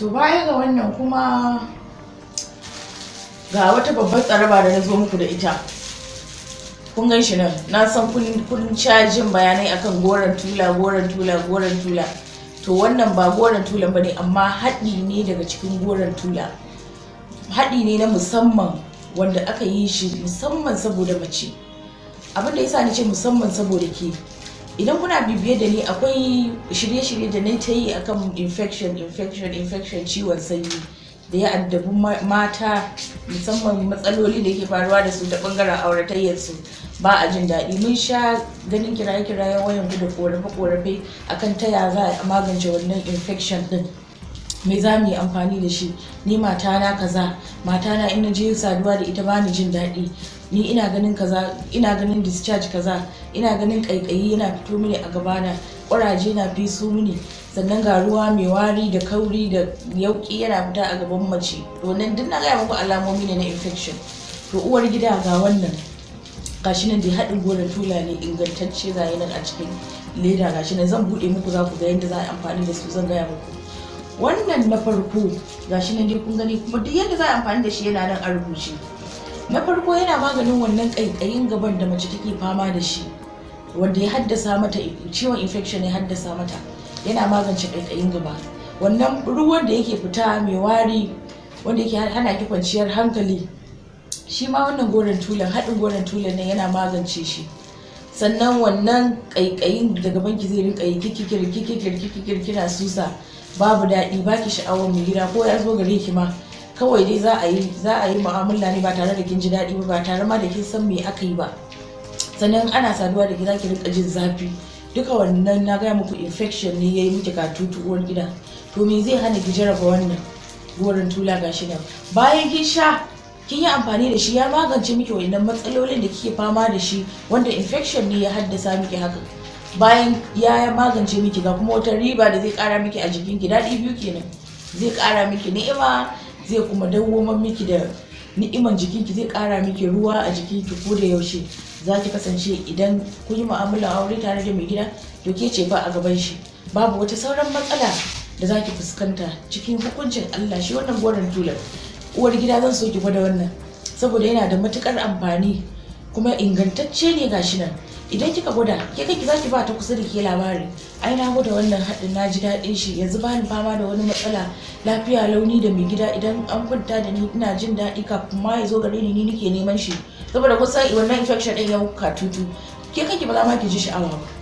to baya ga wannan kuma ga wata babbar tsaraba da na zo muku da ita kun gan shi nan na san kun cajin bayanai akan goran tula goran tula goran tula to wannan ba goron tula ba ne amma haɗi ne daga cikin goran tula haɗi ne na musamman wanda aka yi shi musamman saboda mace abin da yasa ni ce musamman saboda ke idan kuna bibiye da ni akwai shirye-shirye da na ta yi akan infection infection infection ciwon sanyi da ya addabi mata musamman matsaloli da ke faruwa da su ta bangaren auratayyar su ba a jin daɗi mun sha ganin kiraye kiraye wayan da korafe-korafe akan ta ya za a magance wannan infection din mai za mu yi amfani da shi ni na kaza mata na ina je saduwa da ita bani jin daɗi ni ina ganin kaza ina ganin discharge kaza ina ganin kaikayi yana fito mini a gabana ƙuraje na fiso mini sannan ga ruwa mai wari da kauri da yauki yana fita a gaban mace nan duk na gaya muku alamomi ne na infection to uwar gida ga wannan gashi nan dai haɗin gonar tula ne ingantacce ga nan a cikin leda gashi nan zan buɗe muku za ku ga yadda za a amfani da su zan gaya muku wannan na farko gashi nan dai kun gani kuma duk yadda za a amfani da shi yana nan a rubuce na farko yana maganin wannan ƙaiƙayin gaban da mace take fama da shi wanda ya haddasa mata ciwon infection ya haddasa mata yana magance ƙaiƙayin gaba wannan ruwan da yake fita mai wari wanda yake hana ki kwanciyar hankali shi ma wannan goron tulan haɗin goron tulan ne yana magance shi sannan wannan ƙaiƙayin daga banki zai rinka yi kikikir kikikir kikikir kina susa babu daɗi baki sha'awar mai gida ko ya zo gare ki ma kawai dai za a yi za a yi mu'amala ne ba tare da kin ji daɗi ba ba tare ma da kin san me aka yi ba sannan ana saduwa da ki za ki rika jin zafi duka wannan na gaya muku infection ne ya yi miki tutu uwar gida to me zai hana ki jarraba wannan gorin tula gashi nan bayan kin sha kin yi amfani da shi ya magance miki wayannan matsalolin da kike fama da shi wanda infection ne ya haddasa miki haka bayan ya magance miki ga kuma wata riba da zai kara miki a jikin ki daɗi biyu kenan zai kara miki ni'ima zai kuma dawwamar miki da ni'iman jikinki zai kara miki ruwa a jiki ki ko da yaushe za ki kasance idan kun yi mu'amala aure tare da mai gida to ke ce ba a gaban shi babu wata sauran matsala da za ki fuskanta cikin hukuncin Allah shi wannan goron tular uwar gida zan so ki gwada wannan saboda yana da matukar amfani kuma ingantacce ne gashi nan idan kika gwada ke za ki ba ta kusa da ke labari ai na gwada wannan haɗin na ji daɗin shi yanzu ba ni fama da wani matsala lafiya launi da mai gida idan an kwanta da ni ina jin daɗi kafin ma ya zo gare ni ni nake neman shi saboda kusa wannan infection ɗin ya tutu ke kake ba za ma ki ji sha'awa ba